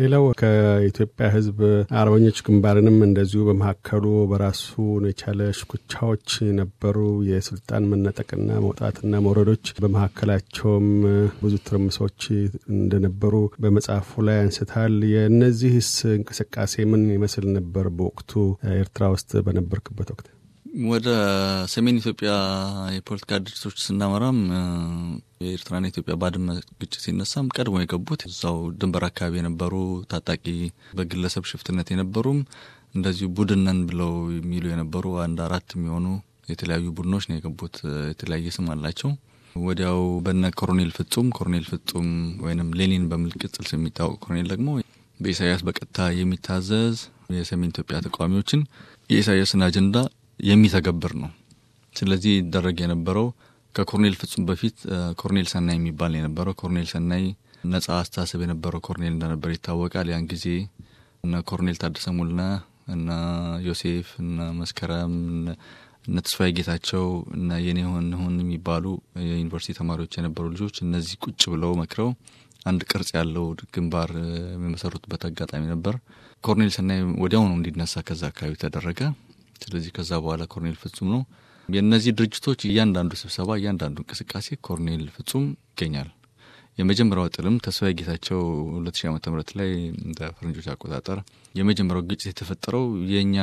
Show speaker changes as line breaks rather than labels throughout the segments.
ሌላው ከኢትዮጵያ ህዝብ አርበኞች ግንባርንም እንደዚሁ በመካከሉ በራሱ የቻለ ሽኩቻዎች ነበሩ። የስልጣን መነጠቅና መውጣትና መውረዶች፣ በመካከላቸውም ብዙ ትርምሶች እንደነበሩ በመጽሐፉ ላይ አንስታል። የእነዚህስ እንቅስቃሴ ምን ይመስል ነበር? በወቅቱ ኤርትራ ውስጥ በነበርክበት ወቅት
ወደ ሰሜን ኢትዮጵያ የፖለቲካ ድርጅቶች ስናመራም የኤርትራና ኢትዮጵያ ባድመ ግጭት ሲነሳም ቀድሞ የገቡት እዛው ድንበር አካባቢ የነበሩ ታጣቂ በግለሰብ ሽፍትነት የነበሩም እንደዚሁ ቡድን ብለው የሚሉ የነበሩ አንድ አራት የሚሆኑ የተለያዩ ቡድኖች ነው የገቡት። የተለያየ ስም አላቸው። ወዲያው በነ ኮሎኔል ፍጹም ኮሎኔል ፍጹም ወይም ሌኒን በሚል ቅጽል ስም የሚታወቅ ኮሎኔል ደግሞ በኢሳያስ በቀጥታ የሚታዘዝ የሰሜን ኢትዮጵያ ተቃዋሚዎችን የኢሳያስን አጀንዳ የሚተገብር ነው። ስለዚህ ይደረግ የነበረው ከኮርኔል ፍጹም በፊት ኮርኔል ሰናይ የሚባል የነበረው። ኮርኔል ሰናይ ነጻ አስተሳሰብ የነበረው ኮርኔል እንደነበር ይታወቃል። ያን ጊዜ እነ ኮርኔል ታደሰ ሙልና እነ ዮሴፍ እነ መስከረም እነ ተስፋዬ ጌታቸው እና የኔ ሆንሁን የሚባሉ የዩኒቨርሲቲ ተማሪዎች የነበሩ ልጆች እነዚህ ቁጭ ብለው መክረው አንድ ቅርጽ ያለው ግንባር የሚመሰሩትበት አጋጣሚ ነበር። ኮርኔል ሰናይ ወዲያውኑ እንዲነሳ ከዛ አካባቢ ተደረገ። ስለዚህ ከዛ በኋላ ኮርኔል ፍጹም ነው። የእነዚህ ድርጅቶች እያንዳንዱ ስብሰባ፣ እያንዳንዱ እንቅስቃሴ ኮርኔል ፍጹም ይገኛል። የመጀመሪያው ጥልም ተስፋዬ ጌታቸው 2000 ዓመተ ምህረት ላይ እንደ ፈረንጆች አቆጣጠር የመጀመሪያው ግጭት የተፈጠረው የእኛ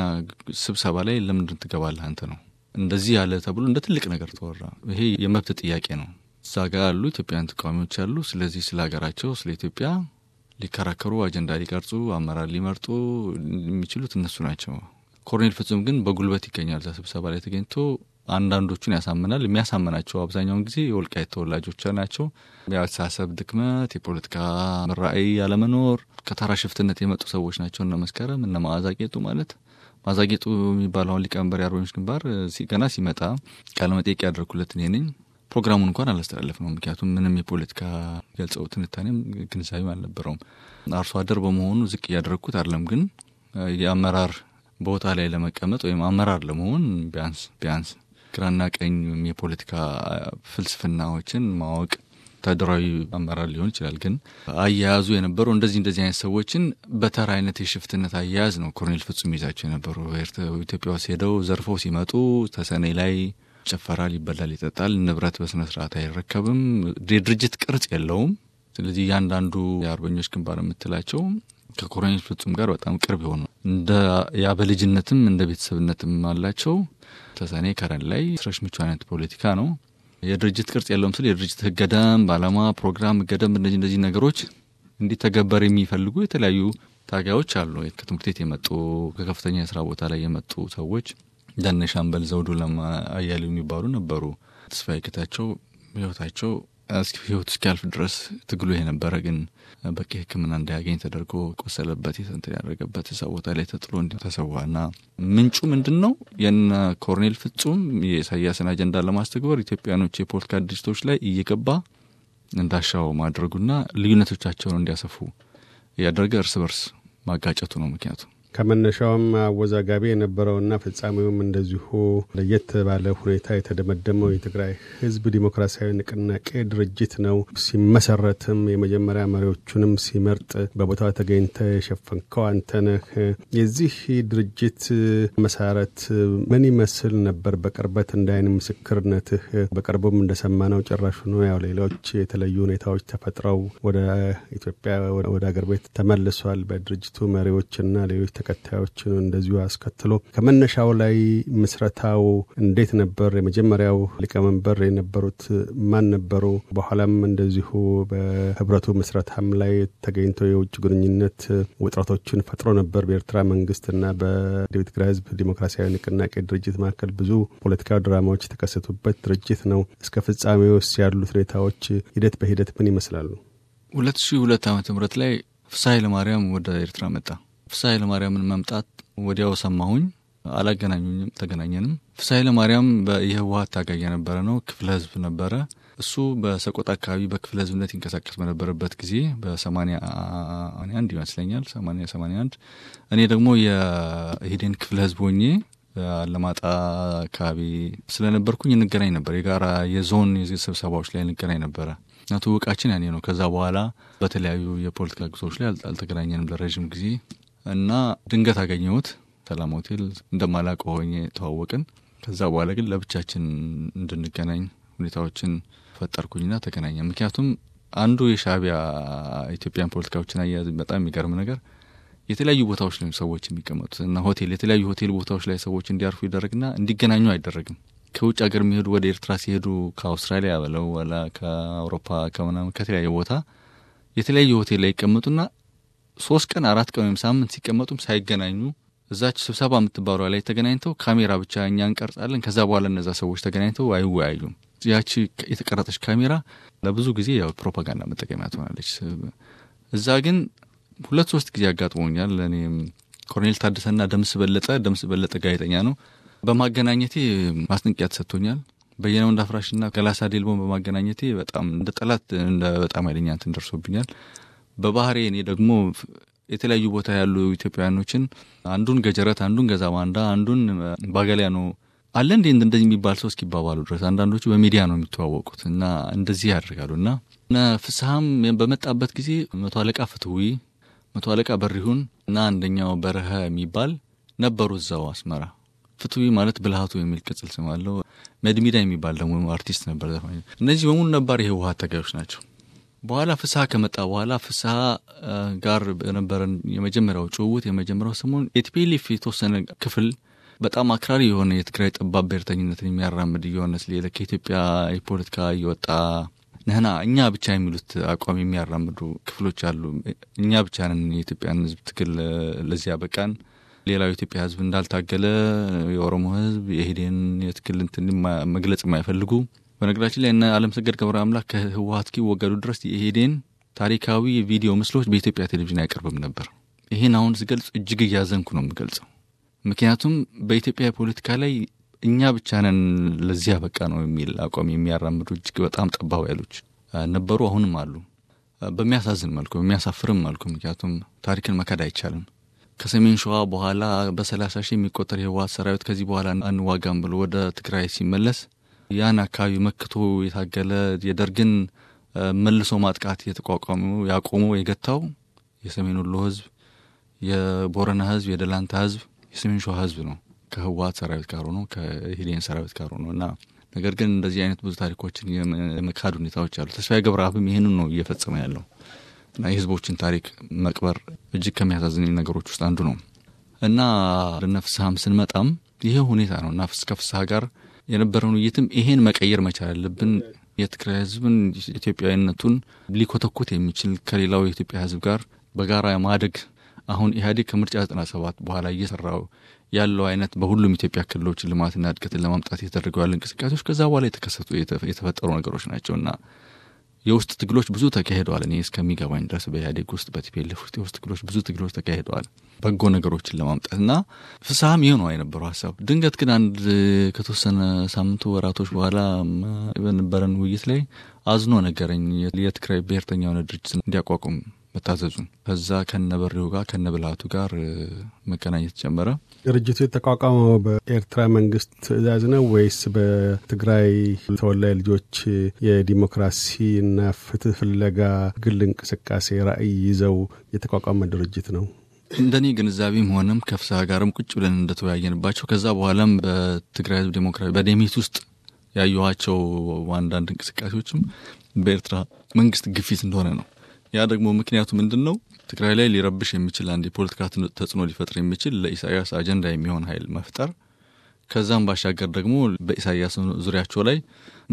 ስብሰባ ላይ ለምንድን ትገባለህ አንተ ነው እንደዚህ ያለ ተብሎ እንደ ትልቅ ነገር ተወራ። ይሄ የመብት ጥያቄ ነው። እዛ ጋር ያሉ ኢትዮጵያውያን ተቃዋሚዎች አሉ። ስለዚህ ስለ ሀገራቸው ስለ ኢትዮጵያ ሊከራከሩ አጀንዳ ሊቀርጹ አመራር ሊመርጡ የሚችሉት እነሱ ናቸው። ኮርኔል ፍጹም ግን በጉልበት ይገኛል። እዛ ስብሰባ ላይ ተገኝቶ አንዳንዶቹን ያሳምናል። የሚያሳምናቸው አብዛኛውን ጊዜ የወልቃይት ተወላጆች ናቸው። የአስተሳሰብ ድክመት፣ የፖለቲካ ራዕይ ያለመኖር፣ ከተራ ሽፍትነት የመጡ ሰዎች ናቸው። እነ መስከረም እነ ማዕዛጌጡ ማለት ማዕዛጌጡ የሚባለውን ሊቀመንበር የአርበኞች ግንባር ገና ሲመጣ ቃለመጠየቅ ያደረኩለት እኔ ነኝ። ፕሮግራሙን እንኳን አላስተላለፍ ነው። ምክንያቱም ምንም የፖለቲካ ገልጸው ትንታኔም ግንዛቤም አልነበረውም። አርሶ አደር በመሆኑ ዝቅ እያደረግኩት አይደለም፣ ግን የአመራር ቦታ ላይ ለመቀመጥ ወይም አመራር ለመሆን ቢያንስ ቢያንስ ግራና ቀኝ የፖለቲካ ፍልስፍናዎችን ማወቅ ወታደራዊ አመራር ሊሆን ይችላል። ግን አያያዙ የነበረው እንደዚህ እንደዚህ አይነት ሰዎችን በተራ አይነት የሽፍትነት አያያዝ ነው። ኮሎኔል ፍጹም ይዛቸው የነበሩ ኢትዮጵያ ውስጥ ሄደው ዘርፈው ሲመጡ ተሰኔ ላይ ይጨፈራል፣ ይበላል፣ ይጠጣል፣ ንብረት በስነ ስርዓት አይረከብም፣ የድርጅት ቅርጽ የለውም። ስለዚህ እያንዳንዱ የአርበኞች ግንባር የምትላቸው ከኮረኞች ፍጹም ጋር በጣም ቅርብ የሆኑ እንደ የአበልጅነትም እንደ ቤተሰብነትም አላቸው። ተሰኔ ከረን ላይ ስራሽ ምቹ አይነት ፖለቲካ ነው። የድርጅት ቅርጽ የለውም ስል የድርጅት ህገደም ባለማ ፕሮግራም፣ ህገደም እነዚህ እነዚህ ነገሮች እንዲተገበር የሚፈልጉ የተለያዩ ታጋዮች አሉ። ከትምህርት ቤት የመጡ ከከፍተኛ የስራ ቦታ ላይ የመጡ ሰዎች ደነሻንበል ዘውዱ ለማ አያሌው የሚባሉ ነበሩ። ተስፋ ይክታቸው ህይወታቸው እስኪ ህይወት እስኪያልፍ ድረስ ትግሉ የነበረ ግን በቂ ህክምና እንዳያገኝ ተደርጎ ቆሰለበት የሰንት ያደረገበት ሰው ቦታ ላይ ተጥሎ እንዲ እና ምንጩ ምንድን ነው? የነ ኮርኔል ፍጹም የኢሳያስን አጀንዳ ለማስተግበር ኢትዮጵያኖች የፖለቲካ ድርጅቶች ላይ እየገባ እንዳሻው ማድረጉና ልዩነቶቻቸውን እንዲያሰፉ ያደረገ እርስ በርስ ማጋጨቱ ነው ምክንያቱ
ከመነሻውም አወዛጋቢ የነበረውና ፍጻሜውም እንደዚሁ ለየት ባለ ሁኔታ የተደመደመው የትግራይ ህዝብ ዲሞክራሲያዊ ንቅናቄ ድርጅት ነው። ሲመሰረትም የመጀመሪያ መሪዎቹንም ሲመርጥ በቦታው ተገኝተ የሸፈንከው አንተ ነህ። የዚህ ድርጅት መሰረት ምን ይመስል ነበር? በቅርበት እንዳይን ምስክርነትህ በቅርቡም እንደሰማነው ጭራሹኑ ያው ሌሎች የተለዩ ሁኔታዎች ተፈጥረው ወደ ኢትዮጵያ ወደ አገር ቤት ተመልሷል። በድርጅቱ መሪዎችና ሌሎች ተከታዮችን እንደዚሁ አስከትሎ ከመነሻው ላይ ምስረታው እንዴት ነበር? የመጀመሪያው ሊቀመንበር የነበሩት ማን ነበሩ? በኋላም እንደዚሁ በህብረቱ ምስረታም ላይ ተገኝቶ የውጭ ግንኙነት ውጥረቶችን ፈጥሮ ነበር። በኤርትራ መንግስት እና በትግራይ ህዝብ ዲሞክራሲያዊ ንቅናቄ ድርጅት መካከል ብዙ ፖለቲካዊ ድራማዎች የተከሰቱበት ድርጅት ነው። እስከ ፍጻሜ ውስጥ ያሉት ሁኔታዎች ሂደት በሂደት ምን ይመስላሉ?
ሁለት ሺህ ሁለት ዓመተ ምህረት ላይ ፍሳ ኃይለማርያም ወደ ኤርትራ መጣ። ፍስሐ ኃይለማርያምን መምጣት ወዲያው ሰማሁኝ። አላገናኙኝም፣ ተገናኘንም። ፍስሐ ኃይለማርያም የህወሀት ታጋይ የነበረ ነው። ክፍለ ህዝብ ነበረ። እሱ በሰቆጣ አካባቢ በክፍለ ህዝብነት ይንቀሳቀስ በነበረበት ጊዜ በሰማንያ አንድ ይመስለኛል፣ ሰማንያ ሰማንያ አንድ እኔ ደግሞ የሂዴን ክፍለ ህዝብ ሆኜ አለማጣ አካባቢ ስለነበርኩኝ እንገናኝ ነበር። የጋራ የዞን ስብሰባዎች ላይ እንገናኝ ነበረ እና ትውውቃችን ያኔ ነው። ከዛ በኋላ በተለያዩ የፖለቲካ ጉዞዎች ላይ አልተገናኘንም ለረዥም ጊዜ። እና ድንገት አገኘሁት ሰላም ሆቴል እንደማላቀ ሆኜ ተዋወቅን። ከዛ በኋላ ግን ለብቻችን እንድንገናኝ ሁኔታዎችን ፈጠርኩኝና ተገናኘ። ምክንያቱም አንዱ የሻቢያ ኢትዮጵያን ፖለቲካዎችን አያያዝ በጣም የሚገርም ነገር የተለያዩ ቦታዎች ላይ ሰዎች የሚቀመጡት እና ሆቴል የተለያዩ ሆቴል ቦታዎች ላይ ሰዎች እንዲያርፉ ይደረግና እንዲገናኙ አይደረግም። ከውጭ ሀገር የሚሄዱ ወደ ኤርትራ ሲሄዱ ከአውስትራሊያ በለው ወላ ከአውሮፓ ከምናምን ከተለያየ ቦታ የተለያዩ ሆቴል ላይ ይቀመጡና ሶስት ቀን አራት ቀን ወይም ሳምንት ሲቀመጡም ሳይገናኙ እዛች ስብሰባ የምትባሏ ላይ ተገናኝተው ካሜራ ብቻ እኛ እንቀርጻለን። ከዛ በኋላ እነዛ ሰዎች ተገናኝተው አይወያዩም። ያቺ የተቀረጠች ካሜራ ለብዙ ጊዜ ያው ፕሮፓጋንዳ መጠቀሚያ ትሆናለች። እዛ ግን ሁለት ሶስት ጊዜ አጋጥሞኛል። ለእኔ ኮሎኔል ታደሰና ደምስ በለጠ ደምስ በለጠ ጋዜጠኛ ነው። በማገናኘቴ ማስጠንቀቂያ ተሰጥቶኛል። በየነው እንዳፍራሽና ገላሳ ዴልቦን በማገናኘቴ በጣም እንደ ጠላት በጣም አይለኛ እንትን ደርሶብኛል። በባህሬ እኔ ደግሞ የተለያዩ ቦታ ያሉ ኢትዮጵያውያኖችን አንዱን ገጀረት፣ አንዱን ገዛ ማንዳ፣ አንዱን ባገሊያ ነው አለ እንዴ እንደዚህ የሚባል ሰው እስኪባባሉ ድረስ አንዳንዶቹ በሚዲያ ነው የሚተዋወቁት እና እንደዚህ ያደርጋሉ እና ፍስሀም በመጣበት ጊዜ መቶ አለቃ ፍትዊ፣ መቶ አለቃ በሪሁን እና አንደኛው በረሀ የሚባል ነበሩ እዛው አስመራ። ፍትዊ ማለት ብልሃቱ የሚል ቅጽል ስም አለው። መድሚዳ የሚባል ደግሞ አርቲስት ነበር ዘፋኝ። እነዚህ በሙሉ ነባር የህወሀት ተጋዮች ናቸው። በኋላ ፍስሐ ከመጣ በኋላ ፍስሐ ጋር የነበረን የመጀመሪያው ጭውውት የመጀመሪያው ሰሞን የቲፒኤልኤፍ የተወሰነ ክፍል በጣም አክራሪ የሆነ የትግራይ ጠባብ ብሔርተኝነትን የሚያራምድ እየሆነ ስለሌለ ከኢትዮጵያ የፖለቲካ እየወጣ ነህና እኛ ብቻ የሚሉት አቋም የሚያራምዱ ክፍሎች አሉ። እኛ ብቻ ነን የኢትዮጵያን ህዝብ ትግል ለዚያ በቃን ሌላው የኢትዮጵያ ህዝብ እንዳልታገለ የኦሮሞ ህዝብ የሄዴን የትግል እንትን መግለጽ የማይፈልጉ በነገራችን ላይ እነ ሰገድ ገብረ አምላክ ከህወሀት ወገዱ ድረስ የኢህዴን ታሪካዊ የቪዲዮ ምስሎች በኢትዮጵያ ቴሌቪዥን አይቀርብም ነበር። ይህን አሁን ስገልጽ እጅግ እያዘንኩ ነው የምገልጸው። ምክንያቱም በኢትዮጵያ ፖለቲካ ላይ እኛ ብቻ ነን ለዚህ ያበቃ ነው የሚል አቋም የሚያራምዱ እጅግ በጣም ጠባብ ኃይሎች ነበሩ፣ አሁንም አሉ። በሚያሳዝን መልኩ በሚያሳፍርም መልኩ ምክንያቱም ታሪክን መካድ አይቻልም። ከሰሜን ሸዋ በኋላ በሰላሳ ሺህ የሚቆጠር የህወሀት ሰራዊት ከዚህ በኋላ አንዋጋም ብሎ ወደ ትግራይ ሲመለስ ያን አካባቢ መክቶ የታገለ የደርግን መልሶ ማጥቃት የተቋቋሙ ያቆሙ የገታው የሰሜን ወሎ ህዝብ፣ የቦረና ህዝብ፣ የደላንታ ህዝብ፣ የሰሜን ሸዋ ህዝብ ነው ከህወሀት ሰራዊት ጋር ሆኖ ከሂዴን ሰራዊት ጋር ሆኖ እና ነገር ግን እንደዚህ አይነት ብዙ ታሪኮችን የመካድ ሁኔታዎች አሉ። ተስፋዬ ገብረአብም ይህንን ነው እየፈጸመ ያለው እና የህዝቦችን ታሪክ መቅበር እጅግ ከሚያሳዝን ነገሮች ውስጥ አንዱ ነው እና ለነፍስሀም ስንመጣም ይህ ሁኔታ ነው እና ከፍስሀ ጋር የነበረውን ውይይትም ይሄን መቀየር መቻል አለብን። የትግራይ ህዝብን ኢትዮጵያዊነቱን ሊኮተኩት የሚችል ከሌላው የኢትዮጵያ ህዝብ ጋር በጋራ ማደግ አሁን ኢህአዴግ ከምርጫ 97 በኋላ እየሰራው ያለው አይነት በሁሉም ኢትዮጵያ ክልሎች ልማትና እድገትን ለማምጣት የተደረገው ያለ እንቅስቃሴዎች ከዛ በኋላ የተከሰቱ የተፈጠሩ ነገሮች ናቸው እና የውስጥ ትግሎች ብዙ ተካሄደዋል እኔ እስከሚገባኝ ድረስ በኢህአዴግ ውስጥ በቲፒኤልኤፍ ውስጥ የውስጥ ትግሎች ብዙ ትግሎች ተካሄደዋል በጎ ነገሮችን ለማምጣት እና ፍስሀም ይህ ነው የነበረው ሀሳብ። ድንገት ግን አንድ ከተወሰነ ሳምንቱ ወራቶች በኋላ በነበረን ውይይት ላይ አዝኖ ነገረኝ የትግራይ ብሔርተኛ የሆነ ድርጅት እንዲያቋቁም መታዘዙን ከዛ ከነበሬው ጋር ከነብልሃቱ ጋር መገናኘት ጀመረ።
ድርጅቱ የተቋቋመው በኤርትራ መንግስት ትእዛዝ ነው ወይስ በትግራይ ተወላይ ልጆች የዲሞክራሲና ፍትህ ፍለጋ ግል እንቅስቃሴ ራዕይ ይዘው የተቋቋመ ድርጅት ነው?
እንደኔ ግንዛቤም ሆነም ከፍሳ ጋርም ቁጭ ብለን እንደተወያየንባቸው ከዛ በኋላም በትግራይ ህዝብ ዴሞክራሲ በደሜት ውስጥ ያየኋቸው አንዳንድ እንቅስቃሴዎችም በኤርትራ መንግስት ግፊት እንደሆነ ነው። ያ ደግሞ ምክንያቱ ምንድን ነው? ትግራይ ላይ ሊረብሽ የሚችል አንድ የፖለቲካ ተጽዕኖ ሊፈጥር የሚችል ለኢሳያስ አጀንዳ የሚሆን ኃይል መፍጠር ከዛም ባሻገር ደግሞ በኢሳያስ ዙሪያቸው ላይ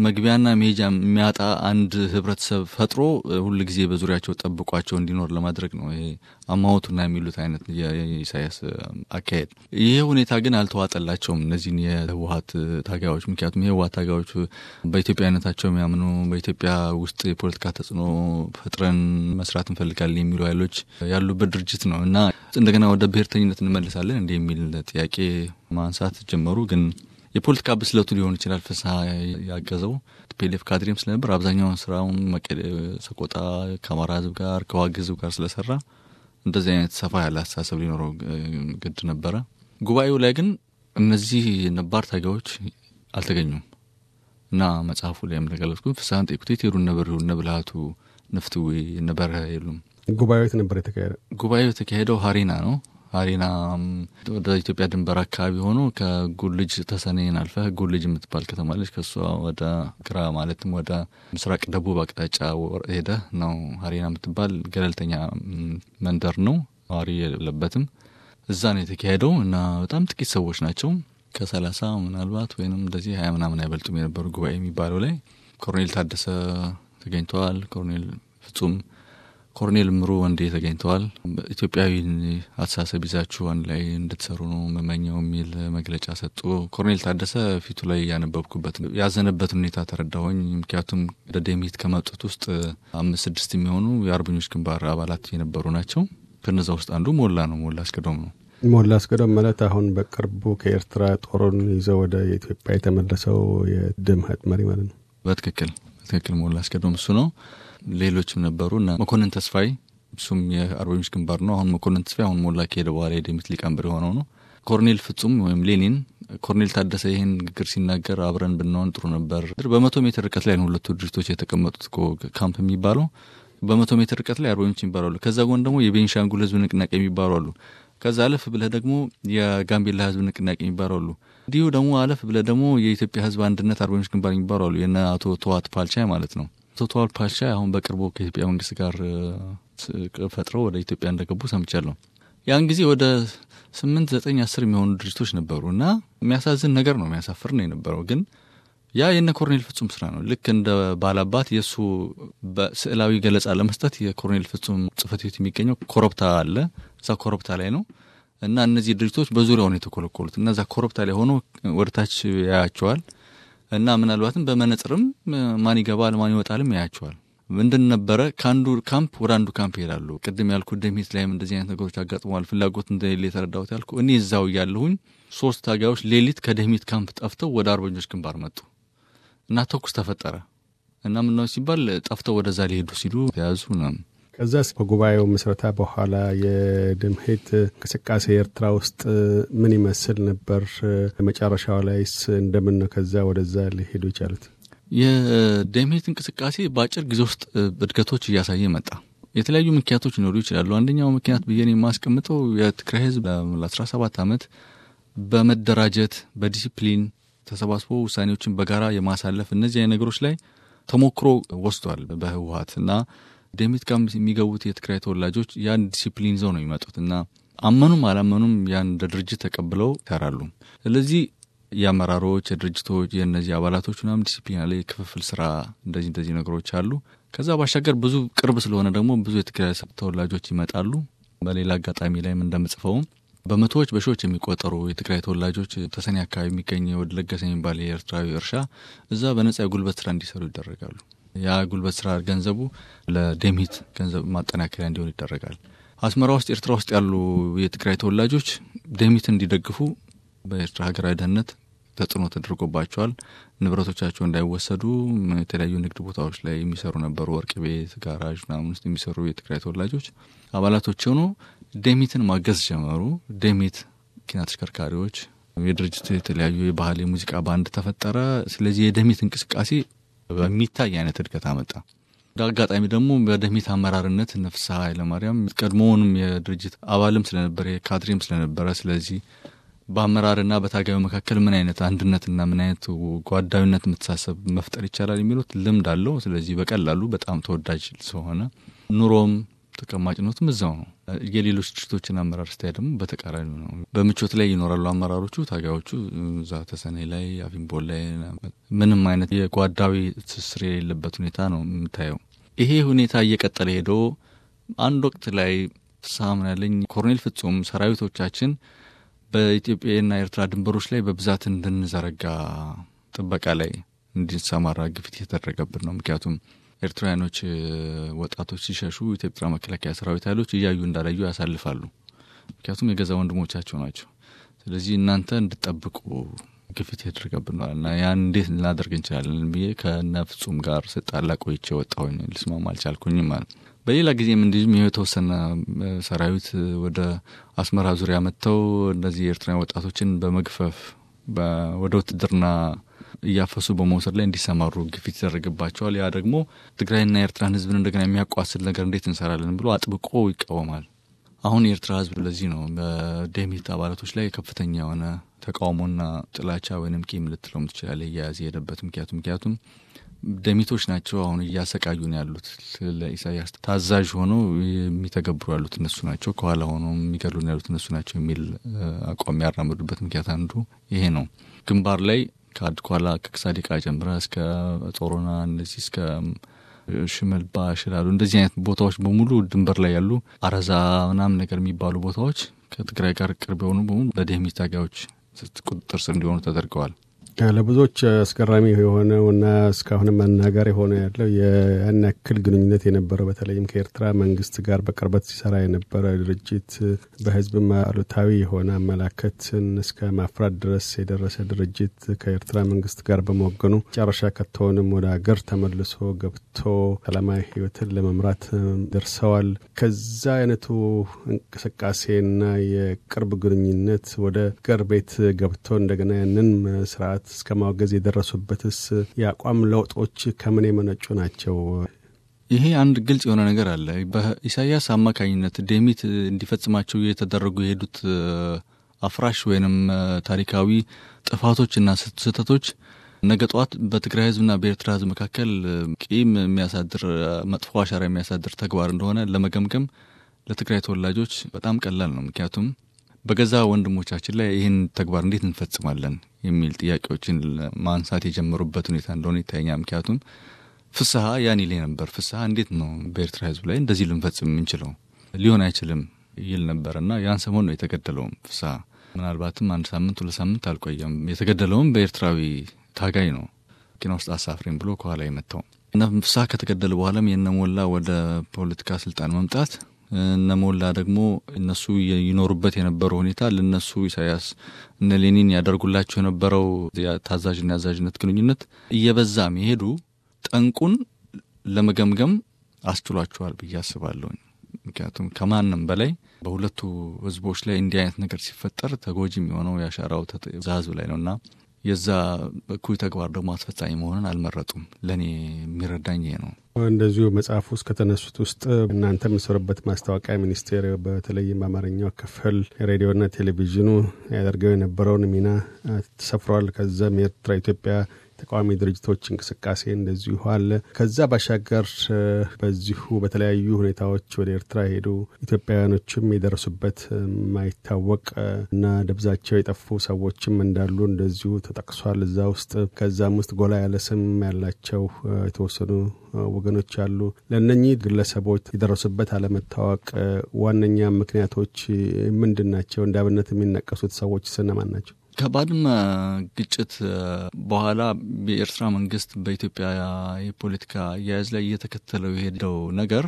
መግቢያና መሄጃ የሚያጣ አንድ ህብረተሰብ ፈጥሮ ሁል ጊዜ በዙሪያቸው ጠብቋቸው እንዲኖር ለማድረግ ነው። ይሄ አማወቱና የሚሉት አይነት የኢሳያስ አካሄድ። ይሄ ሁኔታ ግን አልተዋጠላቸውም እነዚህን የህወሀት ታጋዮች። ምክንያቱም የህወሀት ታጋዮች በኢትዮጵያዊነታቸው የሚያምኑ በኢትዮጵያ ውስጥ የፖለቲካ ተጽዕኖ ፈጥረን መስራት እንፈልጋለን የሚሉ ኃይሎች ያሉበት ድርጅት ነው እና እንደገና ወደ ብሔርተኝነት እንመልሳለን እንዲህ የሚል ጥያቄ ማንሳት ጀመሩ። ግን የፖለቲካ ብስለቱ ሊሆን ይችላል ፍስሀ ያገዘው ፒኤልኤፍ ካድሬም ስለነበር አብዛኛውን ስራውን ሰቆጣ ከአማራ ህዝብ ጋር ከዋግ ህዝብ ጋር ስለሰራ እንደዚህ አይነት ሰፋ ያለ አስተሳሰብ ሊኖረው ግድ ነበረ። ጉባኤው ላይ ግን እነዚህ ነባር ታጋዮች አልተገኙም እና መጽሐፉ ላይ የምንገለጽኩት ፍስሀን ጠቁቴ ትሄዱን ነበር ይሁን ብልሃቱ ንፍትዌ ነበረ የሉም።
ጉባኤው የት ነበር የተካሄደ?
ጉባኤው የተካሄደው ሀሪና ነው። አሪና ወደ ኢትዮጵያ ድንበር አካባቢ ሆኖ ከጉልጅ ተሰኔን አልፈህ ጉልጅ የምትባል ከተማለች ከእሷ ወደ ግራ ማለትም ወደ ምስራቅ ደቡብ አቅጣጫ ሄደ ነው አሪና የምትባል ገለልተኛ መንደር ነው። ነዋሪ የለበትም። እዛ ነው የተካሄደው እና በጣም ጥቂት ሰዎች ናቸው ከሰላሳ ምናልባት ወይም እንደዚህ ሀያ ምናምን አይበልጡም የነበሩ ጉባኤ የሚባለው ላይ ኮርኔል ታደሰ ተገኝተዋል። ኮርኔል ፍጹም ኮሎኔል ምሩ ወንዴ ተገኝተዋል። ኢትዮጵያዊ አስተሳሰብ ይዛችሁ አንድ ላይ እንድትሰሩ ነው መመኘው የሚል መግለጫ ሰጡ። ኮሎኔል ታደሰ ፊቱ ላይ ያነበብኩበት ያዘነበትን ሁኔታ ተረዳሁኝ። ምክንያቱም ደደሚት ከመጡት ውስጥ አምስት ስድስት የሚሆኑ የአርበኞች ግንባር አባላት የነበሩ ናቸው። ከነዛ ውስጥ አንዱ ሞላ ነው። ሞላ አስገዶም ነው።
ሞላ አስገዶም ማለት አሁን በቅርቡ ከኤርትራ ጦሩን ይዘው ወደ ኢትዮጵያ የተመለሰው የድምሀት መሪ ማለት ነው።
በትክክል በትክክል ሞላ አስገዶም እሱ ነው። ሌሎችም ነበሩ እና መኮንን ተስፋይ እሱም የአርበኞች ግንባር ነው። አሁን መኮንን ተስፋይ አሁን ሞላ ከሄደ በኋላ የደምት ሊቀመንበር የሆነው ነው። ኮርኔል ፍጹም ወይም ሌኒን ኮርኔል ታደሰ ይህን ንግግር ሲናገር አብረን ብንሆን ጥሩ ነበር። በመቶ ሜትር ርቀት ላይ ነው ሁለቱ ድርጅቶች የተቀመጡት ካምፕ የሚባለው በመቶ ሜትር ርቀት ላይ አርበኞች የሚባሉ ከዛ ጎን ደግሞ የቤንሻንጉል ህዝብ ንቅናቄ የሚባሉ አሉ። ከዛ አለፍ ብለህ ደግሞ የጋምቤላ ህዝብ ንቅናቄ የሚባሉ አሉ። እንዲሁ ደግሞ አለፍ ብለህ ደግሞ የኢትዮጵያ ህዝብ አንድነት አርበኞች ግንባር የሚባሉ አሉ። የነ አቶ ተዋት ፓልቻ ማለት ነው። ቶቶዋል ፓቻ አሁን በቅርቡ ከኢትዮጵያ መንግስት ጋር ፈጥረው ወደ ኢትዮጵያ እንደገቡ ሰምቻለሁ። ያን ጊዜ ወደ ስምንት ዘጠኝ አስር የሚሆኑ ድርጅቶች ነበሩ እና የሚያሳዝን ነገር ነው፣ የሚያሳፍር ነው የነበረው። ግን ያ የነ ኮርኔል ፍጹም ስራ ነው። ልክ እንደ ባላባት የእሱ በስዕላዊ ገለጻ ለመስጠት የኮርኔል ፍጹም ጽህፈት ቤት የሚገኘው ኮረብታ አለ። እዛ ኮረብታ ላይ ነው እና እነዚህ ድርጅቶች በዙሪያው ነው የተኮለኮሉት እና እዛ ኮረብታ ላይ ሆኖ ወደታች ያያቸዋል። እና ምናልባትም በመነጽርም ማን ይገባል ማን ይወጣልም ያያቸዋል። ምንድን ነበረ ከአንዱ ካምፕ ወደ አንዱ ካምፕ ይሄዳሉ። ቅድም ያልኩ ደሚት ላይም እንደዚህ አይነት ነገሮች አጋጥመዋል። ፍላጎት እንደሌለ የተረዳሁት ያልኩ እኔ እዛው እያለሁኝ ሶስት ታጋዮች ሌሊት ከደሚት ካምፕ ጠፍተው ወደ አርበኞች ግንባር መጡ እና ተኩስ ተፈጠረ እና ምናው ሲባል ጠፍተው ወደዛ ሊሄዱ ሲሉ ተያዙ ነው
ከዛ ከጉባኤው ምስረታ በኋላ የድምሄት እንቅስቃሴ ኤርትራ ውስጥ ምን ይመስል ነበር? መጨረሻው ላይስ እንደምን ነው ከዛ ወደዛ ሊሄዱ ይቻሉት?
የደምሄት እንቅስቃሴ በአጭር ጊዜ ውስጥ እድገቶች እያሳየ መጣ። የተለያዩ ምክንያቶች ሊኖሩ ይችላሉ። አንደኛው ምክንያት ብዬን የማስቀምጠው የትግራይ ህዝብ ለ17 ዓመት በመደራጀት በዲሲፕሊን ተሰባስቦ ውሳኔዎችን በጋራ የማሳለፍ እነዚህ ነገሮች ላይ ተሞክሮ ወስዷል በህወሀት እና ዴሜትካ የሚገቡት የትግራይ ተወላጆች ያን ዲሲፕሊን ይዘው ነው የሚመጡት እና አመኑም አላመኑም ያን ለድርጅት ድርጅት ተቀብለው ይሰራሉ። ስለዚህ የአመራሮች የድርጅቶች የእነዚህ አባላቶች ናም ዲሲፕሊን ላይ ክፍፍል ስራ እንደዚህ እንደዚህ ነገሮች አሉ። ከዛ ባሻገር ብዙ ቅርብ ስለሆነ ደግሞ ብዙ የትግራይ ተወላጆች ይመጣሉ። በሌላ አጋጣሚ ላይም እንደምጽፈውም በመቶዎች በሺዎች የሚቆጠሩ የትግራይ ተወላጆች ተሰኔ አካባቢ የሚገኘ ወደ ለገሰ የሚባል የኤርትራዊ እርሻ እዛ በነጻ የጉልበት ስራ እንዲሰሩ ይደረጋሉ። የጉልበት ስራ ገንዘቡ ለደሚት ገንዘብ ማጠናከሪያ እንዲሆን ይደረጋል። አስመራ ውስጥ፣ ኤርትራ ውስጥ ያሉ የትግራይ ተወላጆች ደሚት እንዲደግፉ በኤርትራ ሀገራዊ ደህንነት ተጽዕኖ ተደርጎባቸዋል። ንብረቶቻቸው እንዳይወሰዱ የተለያዩ ንግድ ቦታዎች ላይ የሚሰሩ ነበሩ። ወርቅ ቤት፣ ጋራዥ ምናምን ውስጥ የሚሰሩ የትግራይ ተወላጆች አባላቶች ሆኖ ደሚትን ማገዝ ጀመሩ። ደሚት መኪና ተሽከርካሪዎች፣ የድርጅት የተለያዩ የባህል የሙዚቃ ባንድ ተፈጠረ። ስለዚህ የደሚት እንቅስቃሴ በሚታይ አይነት እድገት አመጣ። አጋጣሚ ደግሞ በደሚት አመራርነት ነፍሳ ኃይለማርያም ቀድሞውንም የድርጅት አባልም ስለነበረ ካድሬም ስለነበረ ስለዚህ በአመራርና በታጋዩ መካከል ምን አይነት አንድነትና ምን አይነት ጓዳዊነት መተሳሰብ መፍጠር ይቻላል የሚሉት ልምድ አለው። ስለዚህ በቀላሉ በጣም ተወዳጅ ስለሆነ ኑሮም ተቀማጭነቱም እዛው ነው። የሌሎች ድርጅቶችን አመራር ስታይ ደግሞ በተቃራኒ ነው። በምቾት ላይ ይኖራሉ አመራሮቹ፣ ታጋዮቹ እዛ ተሰኔ ላይ አፊንቦል ላይ ምንም አይነት የጓዳዊ ትስስር የሌለበት ሁኔታ ነው የምታየው። ይሄ ሁኔታ እየቀጠለ ሄዶ አንድ ወቅት ላይ ሳምን ያለኝ ኮሎኔል ፍጹም ሰራዊቶቻችን በኢትዮጵያና ኤርትራ ድንበሮች ላይ በብዛት እንድንዘረጋ ጥበቃ ላይ እንዲሰማራ ግፊት የተደረገብን ነው ምክንያቱም ኤርትራውያኖች ወጣቶች ሲሸሹ ኢትዮጵያ መከላከያ ሰራዊት ኃይሎች እያዩ እንዳላዩ ያሳልፋሉ። ምክንያቱም የገዛ ወንድሞቻቸው ናቸው። ስለዚህ እናንተ እንድጠብቁ ግፊት ያደርገብናል እና ያን እንዴት ልናደርግ እንችላለን ብዬ ከነፍጹም ጋር ስጣላ ቆይቼ ወጣሁኝ። ልስማማ አልቻልኩኝም ማለት በሌላ ጊዜም እንዲህም ይህ የተወሰነ ሰራዊት ወደ አስመራ ዙሪያ መጥተው እነዚህ የኤርትራ ወጣቶችን በመግፈፍ ወደ ውትድርና እያፈሱ በመውሰድ ላይ እንዲሰማሩ ግፊት ይደረግባቸዋል። ያ ደግሞ ትግራይና የኤርትራን ህዝብን እንደገና የሚያቋስል ነገር እንዴት እንሰራለን ብሎ አጥብቆ ይቃወማል። አሁን የኤርትራ ህዝብ ለዚህ ነው በደሚት አባላቶች ላይ ከፍተኛ የሆነ ተቃውሞና ጥላቻ ወይንም ቂም ልትለውም ትችላለ እያያዘ የሄደበት ምክንያቱ ምክንያቱም ደሚቶች ናቸው አሁን እያሰቃዩ ነው ያሉት። ለኢሳያስ ታዛዥ ሆነው የሚተገብሩ ያሉት እነሱ ናቸው፣ ከኋላ ሆኖ የሚገድሉ ያሉት እነሱ ናቸው የሚል አቋም ያራምዱበት ምክንያት አንዱ ይሄ ነው። ግንባር ላይ ከአድኳላ ከክሳዲቃ ጀምረ እስከ ጦሮና እንደዚህ እስከ ሽመል ባሽላሉ እንደዚህ አይነት ቦታዎች በሙሉ ድንበር ላይ ያሉ አረዛ ምናምን ነገር የሚባሉ ቦታዎች ከትግራይ ጋር ቅርብ የሆኑ በሙሉ በደህሚ ታጋዮች ቁጥጥር ስር እንዲሆኑ ተደርገዋል።
ለብዙዎች አስገራሚ የሆነውና እስካሁን መናገር የሆነ ያለው ያን ያክል ግንኙነት የነበረው በተለይም ከኤርትራ መንግስት ጋር በቅርበት ሲሰራ የነበረ ድርጅት በህዝብም አሉታዊ የሆነ አመላከትን እስከ ማፍራት ድረስ የደረሰ ድርጅት ከኤርትራ መንግስት ጋር በመወገኑ መጨረሻ ከተሆንም ወደ ሀገር ተመልሶ ገብቶ ሰላማዊ ህይወትን ለመምራት ደርሰዋል። ከዛ አይነቱ እንቅስቃሴና የቅርብ ግንኙነት ወደ ገር ቤት ገብቶ እንደገና ያንን ስርአት በመግፋት እስከ ማውገዝ የደረሱበትስ የአቋም ለውጦች ከምን የመነጩ ናቸው?
ይሄ አንድ ግልጽ የሆነ ነገር አለ። በኢሳያስ አማካኝነት ዴሚት እንዲፈጽማቸው የተደረጉ የሄዱት አፍራሽ ወይንም ታሪካዊ ጥፋቶችና ስህተቶች ነገ ጠዋት በትግራይ ሕዝብና በኤርትራ ሕዝብ መካከል ቂም የሚያሳድር መጥፎ አሻራ የሚያሳድር ተግባር እንደሆነ ለመገምገም ለትግራይ ተወላጆች በጣም ቀላል ነው። ምክንያቱም በገዛ ወንድሞቻችን ላይ ይህን ተግባር እንዴት እንፈጽማለን የሚል ጥያቄዎችን ማንሳት የጀመሩበት ሁኔታ እንደሆነ ይታየኛል። ምክንያቱም ፍስሀ ያን ይል ነበር። ፍስሀ እንዴት ነው በኤርትራ ህዝብ ላይ እንደዚህ ልንፈጽም የምንችለው? ሊሆን አይችልም ይል እና ያን ሰሞን ነው የተገደለውም ፍስሀ ምናልባትም አንድ ሳምንት ሁለት ሳምንት አልቆየም። የተገደለውም በኤርትራዊ ታጋይ ነው። መኪና ውስጥ አሳፍሬም ብሎ ከኋላ የመታው እና ፍስሐ ከተገደለ በኋላም የነሞላ ወደ ፖለቲካ ስልጣን መምጣት እነሞላ ደግሞ እነሱ ይኖሩበት የነበረው ሁኔታ ለነሱ ኢሳያስ እነ ሌኒን ያደርጉላቸው የነበረው ታዛዥና ያዛዥነት ግንኙነት እየበዛ መሄዱ ጠንቁን ለመገምገም አስችሏቸዋል ብዬ አስባለሁኝ። ምክንያቱም ከማንም በላይ በሁለቱ ህዝቦች ላይ እንዲህ አይነት ነገር ሲፈጠር ተጎጂ የሆነው የአሻራው ዛ ህዝብ ላይ ነውና የዛ እኩይ ተግባር ደግሞ አስፈጻሚ መሆንን አልመረጡም። ለእኔ የሚረዳኝ ይሄ ነው።
እንደዚሁ መጽሐፍ ውስጥ ከተነሱት ውስጥ እናንተ የምትሰሩበት ማስታወቂያ ሚኒስቴር በተለይም በአማርኛው ክፍል ሬዲዮና ቴሌቪዥኑ ያደርገው የነበረውን ሚና ተሰፍሯል። ከዛም ኤርትራ ኢትዮጵያ ተቃዋሚ ድርጅቶች እንቅስቃሴ እንደዚሁ አለ። ከዛ ባሻገር በዚሁ በተለያዩ ሁኔታዎች ወደ ኤርትራ ሄዱ ኢትዮጵያውያኖችም የደረሱበት የማይታወቅ እና ደብዛቸው የጠፉ ሰዎችም እንዳሉ እንደዚሁ ተጠቅሷል። እዛ ውስጥ ከዛም ውስጥ ጎላ ያለ ስም ያላቸው የተወሰኑ ወገኖች አሉ። ለእነኚህ ግለሰቦች የደረሱበት አለመታወቅ ዋነኛ ምክንያቶች ምንድን ናቸው? እንደ አብነት የሚነቀሱት ሰዎች ስነማን ናቸው?
ከባድመ ግጭት በኋላ የኤርትራ መንግስት በኢትዮጵያ የፖለቲካ አያያዝ ላይ እየተከተለው የሄደው ነገር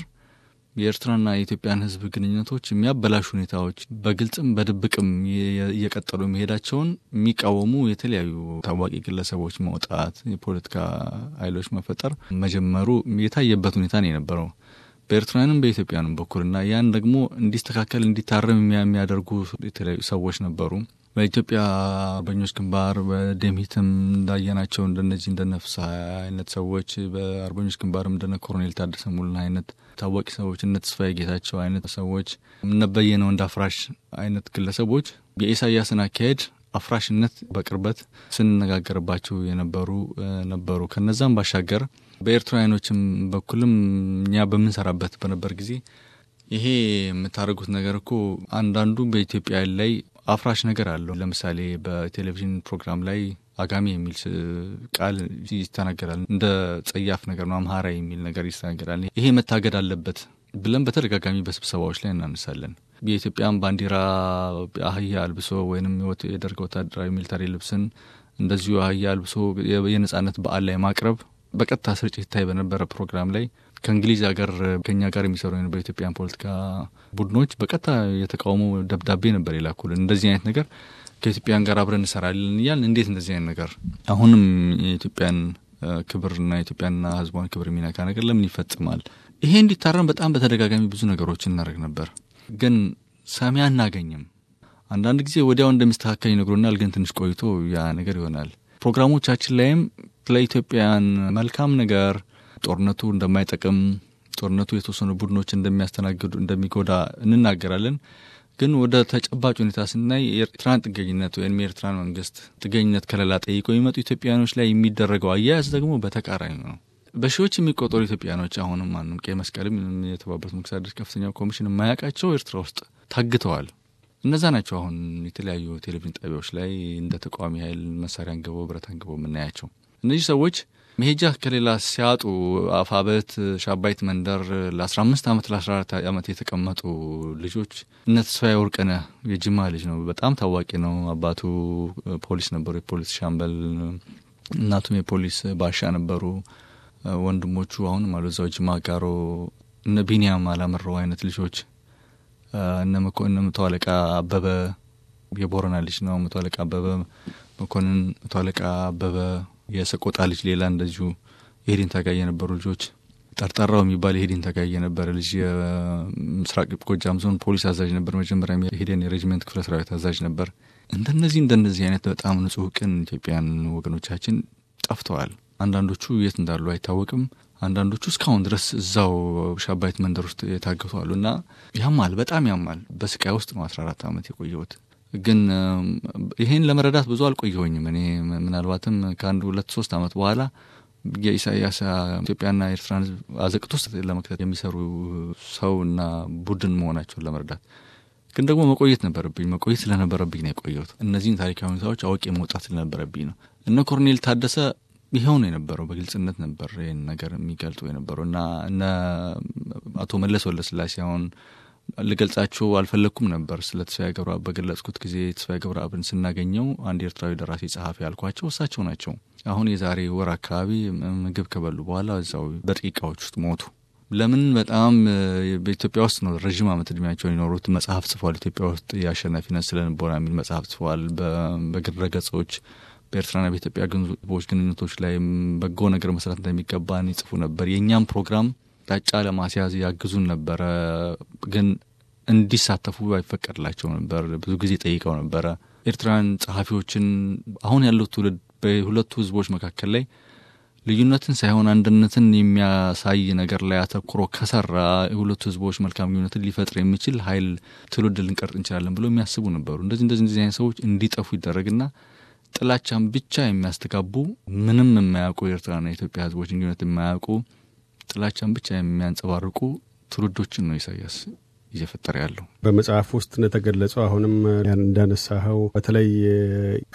የኤርትራና የኢትዮጵያን ህዝብ ግንኙነቶች የሚያበላሹ ሁኔታዎች በግልጽም በድብቅም እየቀጠሉ መሄዳቸውን የሚቃወሙ የተለያዩ ታዋቂ ግለሰቦች መውጣት፣ የፖለቲካ ኃይሎች መፈጠር መጀመሩ የታየበት ሁኔታ ነው የነበረው በኤርትራንም በኢትዮጵያንም በኩልና ያን ደግሞ እንዲስተካከል እንዲታረም የሚያደርጉ የተለያዩ ሰዎች ነበሩ። በኢትዮጵያ አርበኞች ግንባር በደምሂትም እንዳየናቸው እንደነዚህ እንደነ ፍስሐ አይነት ሰዎች በአርበኞች ግንባርም እንደነ ኮሎኔል ታደሰ ሙሉን አይነት ታዋቂ ሰዎች እነ ተስፋዬ ጌታቸው አይነት ሰዎች ነው እንደ አፍራሽ አይነት ግለሰቦች የኢሳያስን አካሄድ አፍራሽነት በቅርበት ስንነጋገርባቸው የነበሩ ነበሩ። ከነዛም ባሻገር በኤርትራውያኖችም በኩልም እኛ በምንሰራበት በነበር ጊዜ ይሄ የምታደርጉት ነገር እኮ አንዳንዱ በኢትዮጵያ ላይ አፍራሽ ነገር አለው። ለምሳሌ በቴሌቪዥን ፕሮግራም ላይ አጋሚ የሚል ቃል ይስተናገራል እንደ ጸያፍ ነገር ነው። አምሃራ የሚል ነገር ይስተናገራል ይሄ መታገድ አለበት ብለን በተደጋጋሚ በስብሰባዎች ላይ እናነሳለን። የኢትዮጵያን ባንዲራ አህያ አልብሶ ወይንም የደርግ ወታደራዊ ሚሊታሪ ልብስን እንደዚሁ አህያ አልብሶ የነጻነት በዓል ላይ ማቅረብ በቀጥታ ስርጭት ይታይ በነበረ ፕሮግራም ላይ ከእንግሊዝ ሀገር ከኛ ጋር የሚሰሩ የነበሩ ኢትዮጵያን ፖለቲካ ቡድኖች በቀጥታ የተቃውሞ ደብዳቤ ነበር የላኩልን። እንደዚህ አይነት ነገር ከኢትዮጵያን ጋር አብረን እንሰራለን እያል እንዴት እንደዚህ አይነት ነገር አሁንም የኢትዮጵያን ክብርና የኢትዮጵያና ሕዝቧን ክብር የሚነካ ነገር ለምን ይፈጽማል? ይሄ እንዲታረም በጣም በተደጋጋሚ ብዙ ነገሮችን እናደርግ ነበር፣ ግን ሰሚ አናገኝም። አንዳንድ ጊዜ ወዲያው እንደሚስተካከል ይነግሮናል፣ ግን ትንሽ ቆይቶ ያ ነገር ይሆናል። ፕሮግራሞቻችን ላይም ለኢትዮጵያን መልካም ነገር ጦርነቱ እንደማይጠቅም ጦርነቱ የተወሰኑ ቡድኖች እንደሚያስተናግዱ እንደሚጎዳ እንናገራለን። ግን ወደ ተጨባጭ ሁኔታ ስናይ የኤርትራን ጥገኝነት ወይም የኤርትራን መንግስት ጥገኝነት ከለላ ጠይቆ የሚመጡ ኢትዮጵያኖች ላይ የሚደረገው አያያዝ ደግሞ በተቃራኒ ነው። በሺዎች የሚቆጠሩ ኢትዮጵያኖች አሁንም ማንም ቀይ መስቀልም የተባበሩት መንግስታት ከፍተኛው ኮሚሽን የማያውቃቸው ኤርትራ ውስጥ ታግተዋል። እነዛ ናቸው አሁን የተለያዩ ቴሌቪዥን ጣቢያዎች ላይ እንደ ተቃዋሚ ኃይል መሳሪያ አንግበው ብረት አንግበው የምናያቸው። እነዚህ ሰዎች መሄጃ ከሌላ ሲያጡ አፋበት ሻባይት መንደር ለ15 ዓመት ለ14 ዓመት የተቀመጡ ልጆች እነ ተስፋዬ ወርቅነህ የጅማ ልጅ ነው። በጣም ታዋቂ ነው። አባቱ ፖሊስ ነበሩ፣ የፖሊስ ሻምበል። እናቱም የፖሊስ ባሻ ነበሩ። ወንድሞቹ አሁንም አሉ እዛው ጅማ ጋሮ። እነ ቢኒያም አላምረው አይነት ልጆች እነ መኮንን መቶ አለቃ አበበ የቦረና ልጅ ነው። መቶ አለቃ አበበ መኮንን፣ መቶ አለቃ አበበ የሰቆጣ ልጅ ሌላ እንደዚሁ የሄድን ታጋይ የነበሩ ልጆች ጠርጠራው የሚባል የሄድን ታጋይ የነበረ ልጅ የምስራቅ ጎጃም ዞን ፖሊስ አዛዥ ነበር። መጀመሪያ የሄደን የሬጅመንት ክፍለ ሰራዊት አዛዥ ነበር። እንደነዚህ እንደነዚህ አይነት በጣም ንጹህ ቅን ኢትዮጵያን ወገኖቻችን ጠፍተዋል። አንዳንዶቹ የት እንዳሉ አይታወቅም። አንዳንዶቹ እስካሁን ድረስ እዛው ሻባይት መንደር ውስጥ የታገቱ አሉ እና ያማል፣ በጣም ያማል። በስቃይ ውስጥ ነው አስራ አራት ዓመት የቆየሁት። ግን ይሄን ለመረዳት ብዙ አልቆየሁኝም። እኔ ምናልባትም ከአንድ ሁለት ሶስት አመት በኋላ የኢሳያስ ኢትዮጵያና ኤርትራን ህዝብ አዘቅት ውስጥ ለመክተት የሚሰሩ እና ቡድን መሆናቸውን ለመረዳት ግን ደግሞ መቆየት ነበረብኝ። መቆየት ስለነበረብኝ ነው የቆየሁት። እነዚህን ታሪካዊ ሁኔታዎች አወቅ መውጣት ስለነበረብኝ ነው። እነ ኮርኔል ታደሰ ይኸው ነው የነበረው። በግልጽነት ነበር ይህን ነገር የሚገልጡ የነበረው እና እነ አቶ መለስ ወለስላሴ አሁን ልገልጻቸው አልፈለግኩም ነበር። ስለ ተስፋዬ ገብረአብ በገለጽኩት ጊዜ ተስፋዬ ገብረአብን ስናገኘው አንድ ኤርትራዊ ደራሲ ጸሐፊ ያልኳቸው እሳቸው ናቸው። አሁን የዛሬ ወር አካባቢ ምግብ ከበሉ በኋላ እዛው በጥቂቃዎች ውስጥ ሞቱ። ለምን? በጣም በኢትዮጵያ ውስጥ ነው ረዥም ዓመት እድሜያቸውን የኖሩት። መጽሐፍ ጽፏል። ኢትዮጵያ ውስጥ የአሸናፊነት ስለንቦና የሚል መጽሐፍ ጽፏል። በግረ ገጾች በኤርትራና በኢትዮጵያ ግንቦች ግንኙነቶች ላይ በጎ ነገር መስራት እንደሚገባን ይጽፉ ነበር። የእኛም ፕሮግራም አቅጣጫ ለማስያዝ ያግዙን ነበረ። ግን እንዲሳተፉ አይፈቀድላቸው ነበር። ብዙ ጊዜ ጠይቀው ነበረ ኤርትራን ጸሐፊዎችን። አሁን ያለው ትውልድ በሁለቱ ህዝቦች መካከል ላይ ልዩነትን ሳይሆን አንድነትን የሚያሳይ ነገር ላይ አተኩሮ ከሰራ የሁለቱ ህዝቦች መልካም ግንኙነትን ሊፈጥር የሚችል ኃይል ትውልድ ልንቀርጽ እንችላለን ብሎ የሚያስቡ ነበሩ። እንደዚህ እንደዚህ እንደዚህ አይነት ሰዎች እንዲጠፉ ይደረግና ጥላቻን ብቻ የሚያስተጋቡ ምንም የማያውቁ የኤርትራና የኢትዮጵያ ህዝቦች ግንኙነት የማያውቁ ጥላቻን ብቻ የሚያንጸባርቁ ትውልዶችን ነው ኢሳያስ እየፈጠረ ያለው።
በመጽሐፍ ውስጥ እንደተገለጸው አሁንም እንዳነሳኸው በተለይ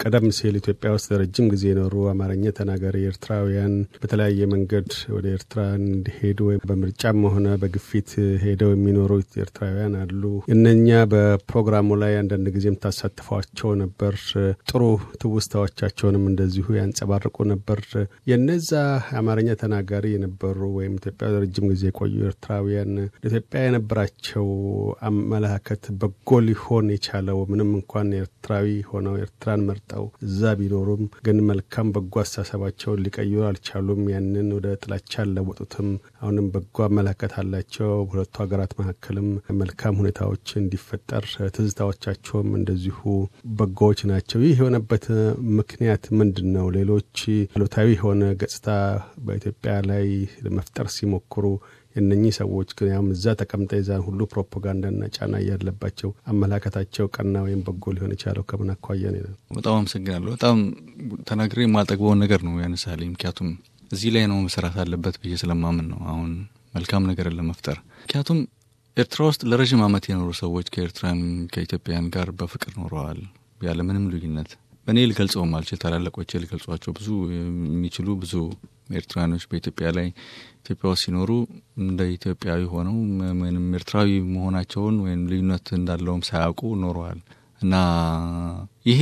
ቀደም ሲል ኢትዮጵያ ውስጥ ረጅም ጊዜ የኖሩ አማርኛ ተናጋሪ ኤርትራውያን በተለያየ መንገድ ወደ ኤርትራ እንዲሄዱ ወይም በምርጫም ሆነ በግፊት ሄደው የሚኖሩ ኤርትራውያን አሉ። እነኛ በፕሮግራሙ ላይ አንዳንድ ጊዜም ታሳትፏቸው ነበር። ጥሩ ትውስታዎቻቸውንም እንደዚሁ ያንጸባርቁ ነበር። የነዛ አማርኛ ተናጋሪ የነበሩ ወይም ኢትዮጵያ ረጅም ጊዜ የቆዩ ኤርትራውያን ኢትዮጵያ የነበራቸው አመለካከት በጎ ሊሆን የቻለው ምንም እንኳን ኤርትራዊ ሆነው ኤርትራን መርጠው እዛ ቢኖሩም ግን መልካም በጎ አስተሳሰባቸውን ሊቀይሩ አልቻሉም። ያንን ወደ ጥላቻ አለወጡትም። አሁንም በጎ አመለካከት አላቸው። በሁለቱ ሀገራት መካከልም መልካም ሁኔታዎች እንዲፈጠር ትዝታዎቻቸውም እንደዚሁ በጎዎች ናቸው። ይህ የሆነበት ምክንያት ምንድን ነው? ሌሎች አሉታዊ የሆነ ገጽታ በኢትዮጵያ ላይ ለመፍጠር ሲሞክሩ እነኚህ ሰዎች ግን ያም እዛ ተቀምጠ የዛን ሁሉ ፕሮፓጋንዳና ጫና እያለባቸው አመላከታቸው ቀና ወይም በጎ ሊሆን የቻለው ከምን አኳያ ነው?
በጣም አመሰግናለሁ። በጣም ተናግሬ የማልጠግበውን ነገር ነው ያነሳልኝ። ምክንያቱም እዚህ ላይ ነው መሰራት አለበት ብዬ ስለማምን ነው አሁን መልካም ነገርን ለመፍጠር ምክንያቱም ኤርትራ ውስጥ ለረዥም ዓመት የኖሩ ሰዎች ከኤርትራን ከኢትዮጵያን ጋር በፍቅር ኖረዋል ያለምንም ልዩነት እኔ ልገልጸውም አልችል ታላላቆቼ ልገልጿቸው ብዙ የሚችሉ ብዙ ኤርትራኖች በኢትዮጵያ ላይ ኢትዮጵያ ውስጥ ሲኖሩ እንደ ኢትዮጵያዊ ሆነው ምንም ኤርትራዊ መሆናቸውን ወይም ልዩነት እንዳለውም ሳያውቁ ኖረዋል እና ይሄ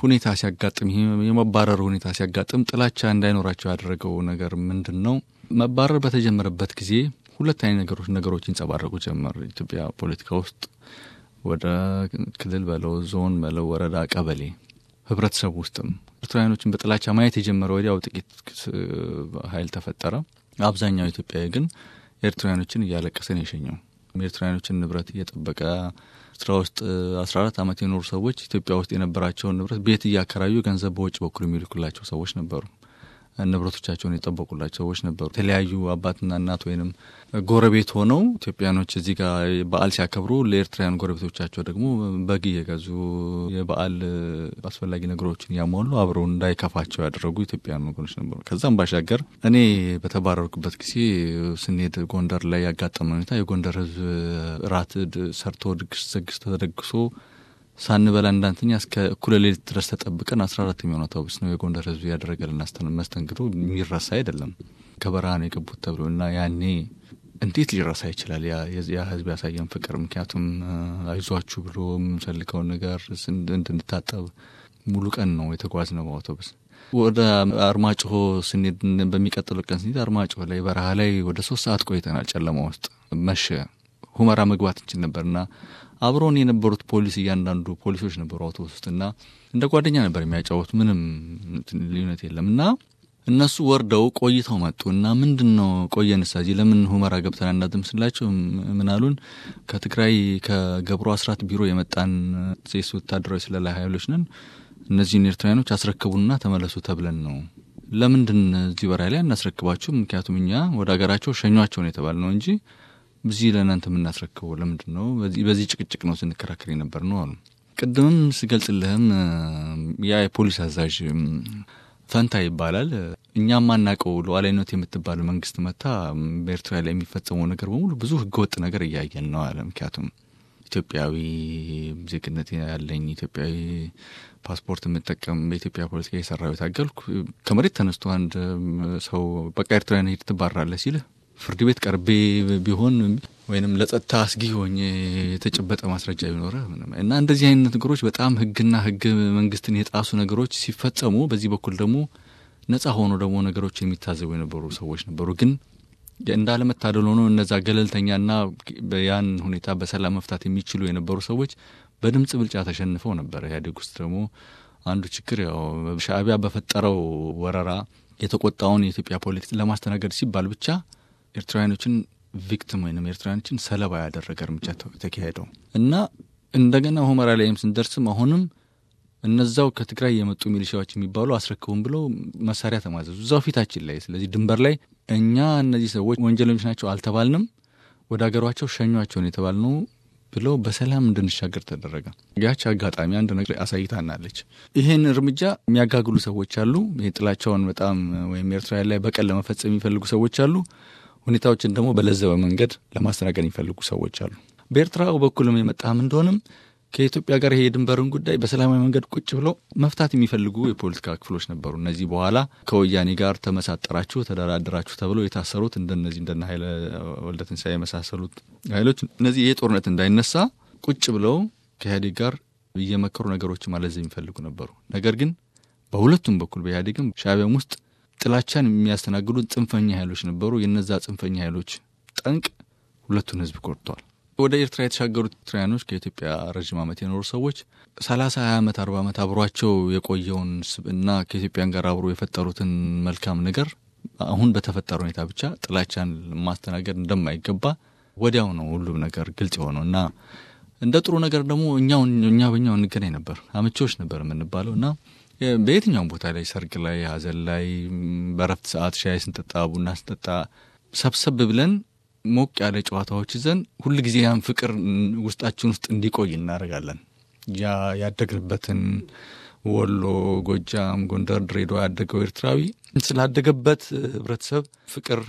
ሁኔታ ሲያጋጥም ይ የመባረር ሁኔታ ሲያጋጥም ጥላቻ እንዳይኖራቸው ያደረገው ነገር ምንድን ነው? መባረር በተጀመረበት ጊዜ ሁለት አይነት ነገሮች ነገሮች ይንጸባረቁ ጀመር ኢትዮጵያ ፖለቲካ ውስጥ ወደ ክልል በለው ዞን በለው ወረዳ ቀበሌ ህብረተሰቡ ውስጥም ኤርትራውያኖችን በጥላቻ ማየት የጀመረ ወዲያው ጥቂት ኃይል ተፈጠረ። አብዛኛው ኢትዮጵያዊ ግን ኤርትራውያኖችን እያለቀሰን የሸኘው ኤርትራውያኖችን ንብረት እየጠበቀ ኤርትራ ውስጥ አስራ አራት ዓመት የኖሩ ሰዎች ኢትዮጵያ ውስጥ የነበራቸውን ንብረት ቤት እያከራዩ ገንዘብ በውጭ በኩል የሚልኩላቸው ሰዎች ነበሩ። ንብረቶቻቸውን የጠበቁላቸው ሰዎች ነበሩ። የተለያዩ አባትና እናት ወይንም ጎረቤት ሆነው ኢትዮጵያኖች እዚህ ጋር በዓል ሲያከብሩ ለኤርትራውያን ጎረቤቶቻቸው ደግሞ በግ እየገዙ የበዓል አስፈላጊ ነገሮችን እያሟሉ አብረው እንዳይከፋቸው ያደረጉ ኢትዮጵያውያን ወገኖች ነበሩ። ከዛም ባሻገር እኔ በተባረርኩበት ጊዜ ስንሄድ ጎንደር ላይ ያጋጠመ ሁኔታ የጎንደር ሕዝብ ራት ሰርቶ ድግስ ዘግስ ተደግሶ ሳንበላ እንዳንተኛ እስከ እኩለ ሌሊት ድረስ ተጠብቀን አስራ አራት የሚሆኑ አውቶቡስ ነው የጎንደር ህዝብ ያደረገልን መስተንግዶ የሚረሳ አይደለም። ከበረሃ ነው የገቡት ተብሎ እና ያኔ እንዴት ሊረሳ ይችላል? ያ ህዝብ ያሳየን ፍቅር ምክንያቱም አይዟችሁ ብሎ የምንፈልገውን ነገር እንድንታጠብ ሙሉ ቀን ነው ነው በአውቶቡስ። ወደ አርማጭሆ ስንሄድ በሚቀጥለው ቀን ስንሄድ አርማጭሆ ላይ በረሃ ላይ ወደ ሶስት ሰዓት ቆይተናል። ጨለማ ውስጥ መሸ። ሁመራ መግባት እንችል ነበርና አብሮን የነበሩት ፖሊስ እያንዳንዱ ፖሊሶች ነበሩ አውቶቡስ ውስጥ እና እንደ ጓደኛ ነበር የሚያጫወት ምንም ልዩነት የለም እና እነሱ ወርደው ቆይተው መጡ እና ምንድን ነው ቆየን እዚህ ለምን ሁመራ ገብተን አናድም ስላቸው ምናሉን ከትግራይ ከገብሩ አስራት ቢሮ የመጣን ሴስ ወታደራዊ ስለላይ ሀይሎች ነን እነዚህን ኤርትራውያኖች አስረክቡና ተመለሱ ተብለን ነው ለምንድን እዚህ በራይ ላይ እናስረክባችሁ ምክንያቱም እኛ ወደ ሀገራቸው ነው የተባል ነው እንጂ በዚህ ለእናንተ የምናስረክበው ለምንድን ነው? በዚህ ጭቅጭቅ ነው ስንከራከር የነበር ነው አሉ። ቅድምም ስገልጽልህም ያ የፖሊስ አዛዥ ፈንታ ይባላል። እኛም ማናቀው ሉዓላዊነት የምትባል መንግስት መታ በኤርትራ ላይ የሚፈጸመው ነገር በሙሉ ብዙ ህገወጥ ነገር እያየን ነው አለ። ምክንያቱም ኢትዮጵያዊ ዜግነት ያለኝ ኢትዮጵያዊ ፓስፖርት የምጠቀም በኢትዮጵያ ፖለቲካ የሰራው የታገልኩ ከመሬት ተነስቶ አንድ ሰው በቃ ኤርትራ ሄድ ትባራለህ ሲልህ ፍርድ ቤት ቀርቤ ቢሆን ወይም ለጸጥታ አስጊ ሆኝ የተጨበጠ ማስረጃ ቢኖረ እና እንደዚህ አይነት ነገሮች በጣም ህግና ህግ መንግስትን የጣሱ ነገሮች ሲፈጸሙ፣ በዚህ በኩል ደግሞ ነጻ ሆኖ ደግሞ ነገሮች የሚታዘቡ የነበሩ ሰዎች ነበሩ። ግን እንዳለመታደል ሆኖ እነዛ ገለልተኛና ያን ሁኔታ በሰላም መፍታት የሚችሉ የነበሩ ሰዎች በድምፅ ብልጫ ተሸንፈው ነበረ ኢህአዴግ ውስጥ ደግሞ አንዱ ችግር ያው ሻእቢያ በፈጠረው ወረራ የተቆጣውን የኢትዮጵያ ፖለቲክስ ለማስተናገድ ሲባል ብቻ ኤርትራውያኖችን ቪክቲም ወይም ኤርትራውያኖችን ሰለባ ያደረገ እርምጃ ተካሄደው እና እንደገና ሆመራ ላይም ስንደርስም አሁንም እነዛው ከትግራይ የመጡ ሚሊሻዎች የሚባሉ አስረክቡን ብለው መሳሪያ ተማዘዙ እዛው ፊታችን ላይ። ስለዚህ ድንበር ላይ እኛ እነዚህ ሰዎች ወንጀለኞች ናቸው አልተባልንም፣ ወደ አገሯቸው ሸኟቸውን የተባልነው ብለው በሰላም እንድንሻገር ተደረገ። ያች አጋጣሚ አንድ ነገር አሳይታናለች። ይህን እርምጃ የሚያጋግሉ ሰዎች አሉ። ጥላቸውን በጣም ወይም ኤርትራ ላይ በቀል ለመፈጸም የሚፈልጉ ሰዎች አሉ። ሁኔታዎችን ደግሞ በለዘበ መንገድ ለማስተናገድ የሚፈልጉ ሰዎች አሉ። በኤርትራው በኩልም የመጣም እንደሆንም ከኢትዮጵያ ጋር ይሄ የድንበርን ጉዳይ በሰላማዊ መንገድ ቁጭ ብሎ መፍታት የሚፈልጉ የፖለቲካ ክፍሎች ነበሩ። እነዚህ በኋላ ከወያኔ ጋር ተመሳጠራችሁ፣ ተደራደራችሁ ተብለው የታሰሩት እንደነዚህ እንደነ ኃይለ ወልደትንሳኤ የመሳሰሉት ኃይሎች እነዚህ ይሄ ጦርነት እንዳይነሳ ቁጭ ብለው ከኢህአዴግ ጋር እየመከሩ ነገሮች ማለዘብ የሚፈልጉ ነበሩ። ነገር ግን በሁለቱም በኩል በኢህአዴግም ሻቢያም ውስጥ ጥላቻን የሚያስተናግዱ ጽንፈኛ ኃይሎች ነበሩ። የነዛ ጽንፈኛ ኃይሎች ጠንቅ ሁለቱን ህዝብ ኮርቷል። ወደ ኤርትራ የተሻገሩት ኤርትራውያኖች ከኢትዮጵያ ረዥም ዓመት የኖሩ ሰዎች ሰላሳ ሀያ ዓመት አርባ ዓመት አብሯቸው የቆየውን ስብዕና ከኢትዮጵያን ጋር አብሮ የፈጠሩትን መልካም ነገር አሁን በተፈጠረ ሁኔታ ብቻ ጥላቻን ማስተናገድ እንደማይገባ ወዲያው ነው ሁሉም ነገር ግልጽ የሆነው እና እንደ ጥሩ ነገር ደግሞ እኛው እኛ በኛው እንገናኝ ነበር። አመቼዎች ነበር የምንባለው እና በየትኛውም ቦታ ላይ ሰርግ ላይ፣ ሀዘን ላይ፣ በረፍት ሰዓት ሻይ ስንጠጣ፣ ቡና ስንጠጣ ሰብሰብ ብለን ሞቅ ያለ ጨዋታዎች ይዘን ሁል ጊዜ ያን ፍቅር ውስጣችን ውስጥ እንዲቆይ እናደርጋለን። ያ ያደግንበትን ወሎ፣ ጎጃም፣ ጎንደር፣ ድሬዳዋ ያደገው ኤርትራዊ ስላደገበት ህብረተሰብ ፍቅር